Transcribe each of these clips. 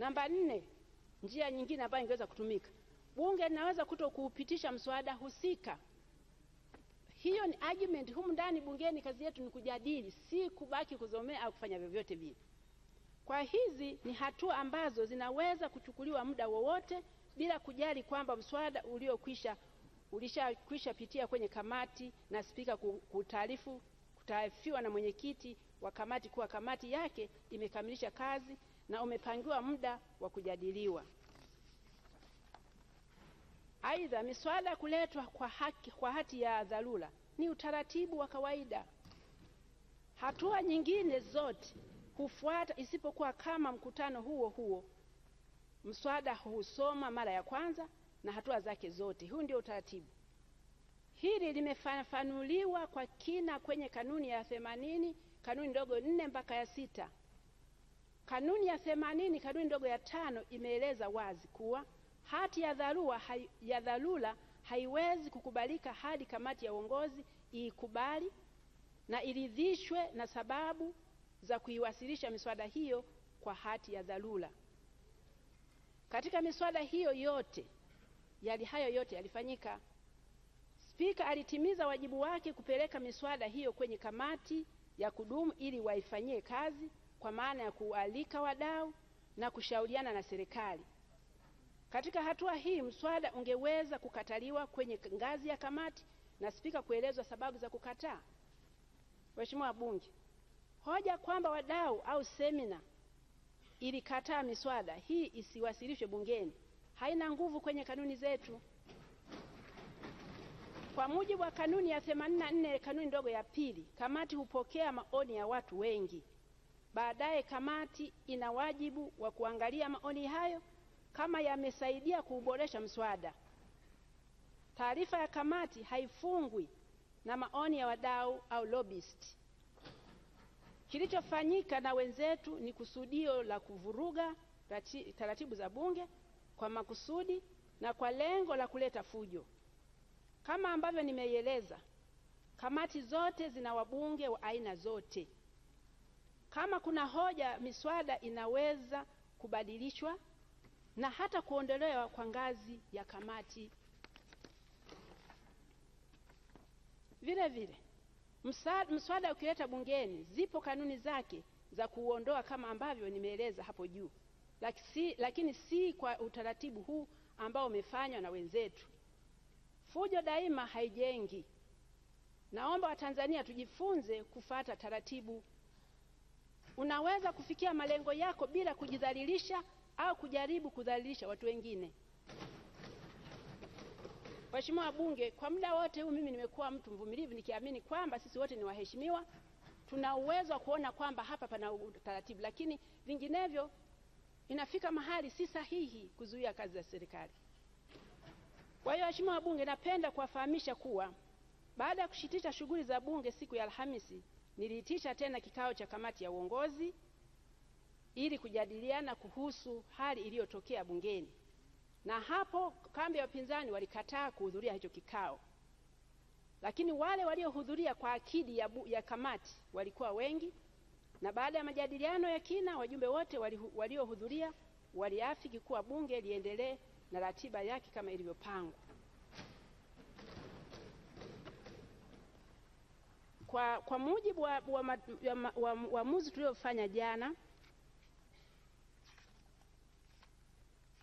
Namba nne, njia nyingine ambayo ingeweza kutumika, bunge linaweza kuto kuupitisha mswada husika. Hiyo ni argument. Humu ndani bungeni kazi yetu ni kujadili, si kubaki kuzomea au kufanya vyovyote vile. Kwa hizi ni hatua ambazo zinaweza kuchukuliwa muda wowote bila kujali kwamba mswada uliokwisha ulishakwisha pitia kwenye kamati na spika kutaarifu kutaarifiwa na mwenyekiti wa kamati kuwa kamati yake imekamilisha kazi na umepangiwa muda wa kujadiliwa. Aidha, miswada kuletwa kwa, haki, kwa hati ya dharura ni utaratibu wa kawaida. Hatua nyingine zote hufuata isipokuwa kama mkutano huo huo mswada husoma mara ya kwanza na hatua zake zote. Huu ndio utaratibu. Hili limefafanuliwa kwa kina kwenye kanuni ya themanini kanuni ndogo nne mpaka ya sita. Kanuni ya themanini kanuni ndogo ya tano imeeleza wazi kuwa hati ya dharura, hai, ya dharura haiwezi kukubalika hadi kamati ya uongozi iikubali na iridhishwe na sababu za kuiwasilisha miswada hiyo kwa hati ya dharura. Katika miswada hiyo yote yali hayo yote yalifanyika Spika alitimiza wajibu wake kupeleka miswada hiyo kwenye kamati ya kudumu ili waifanyie kazi kwa maana ya kualika wadau na kushauriana na serikali. Katika hatua hii, mswada ungeweza kukataliwa kwenye ngazi ya kamati na spika kuelezwa sababu za kukataa. Waheshimiwa wabunge, hoja kwamba wadau au semina ilikataa miswada hii isiwasilishwe bungeni haina nguvu kwenye kanuni zetu. Kwa mujibu wa kanuni ya 84 kanuni ndogo ya pili, kamati hupokea maoni ya watu wengi. Baadaye kamati ina wajibu wa kuangalia maoni hayo kama yamesaidia kuuboresha mswada. Taarifa ya kamati haifungwi na maoni ya wadau au lobbyist. Kilichofanyika na wenzetu ni kusudio la kuvuruga taratibu za Bunge kwa makusudi na kwa lengo la kuleta fujo. Kama ambavyo nimeieleza, kamati zote zina wabunge wa aina zote. Kama kuna hoja, miswada inaweza kubadilishwa na hata kuondolewa kwa ngazi ya kamati. Vile vile mswada ukileta bungeni, zipo kanuni zake za kuuondoa kama ambavyo nimeeleza hapo juu, lakini si, lakini si kwa utaratibu huu ambao umefanywa na wenzetu. Fujo daima haijengi. Naomba Watanzania tujifunze kufata taratibu. Unaweza kufikia malengo yako bila kujidhalilisha au kujaribu kudhalilisha watu wengine. Waheshimiwa wabunge, kwa muda wote huu mimi nimekuwa mtu mvumilivu nikiamini kwamba sisi wote ni waheshimiwa, tuna uwezo wa kuona kwamba hapa pana utaratibu, lakini vinginevyo inafika mahali si sahihi kuzuia kazi za serikali. Kwa hiyo, waheshimiwa wabunge, napenda kuwafahamisha kuwa baada ya kushitisha shughuli za bunge siku ya Alhamisi, niliitisha tena kikao cha kamati ya uongozi ili kujadiliana kuhusu hali iliyotokea bungeni, na hapo kambi ya wapinzani walikataa kuhudhuria hicho kikao, lakini wale waliohudhuria kwa akidi ya, bu, ya kamati walikuwa wengi, na baada ya majadiliano ya kina wajumbe wote waliohudhuria waliafiki kuwa bunge liendelee na ratiba yake kama ilivyopangwa. Kwa, kwa mujibu wa uamuzi wa, wa, wa, wa tuliofanya jana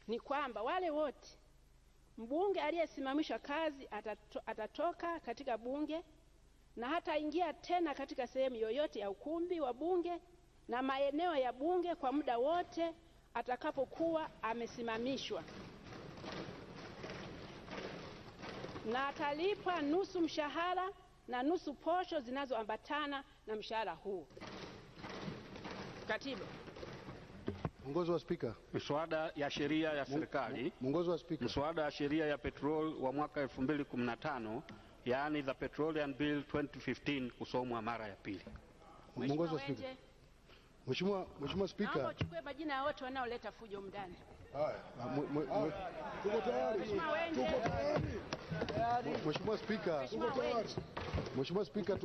ni kwamba wale wote mbunge aliyesimamishwa kazi atato, atatoka katika bunge na hataingia tena katika sehemu yoyote ya ukumbi wa bunge na maeneo ya bunge kwa muda wote atakapokuwa amesimamishwa na atalipwa nusu mshahara na nusu posho zinazoambatana na mshahara huu. Katibu. Mwongozo wa Spika. Miswada ya sheria ya serikali. Mwongozo wa Spika. Miswada ya sheria ya petrol wa mwaka 2015 yaani the Petroleum Bill 2015 kusomwa mara ya pili. Mwongozo wa Spika. Mheshimiwa Mheshimiwa Spika, naomba uchukue majina ya wote wanaoleta fujo ndani. Mheshimiwa Spika. Mheshimiwa Spika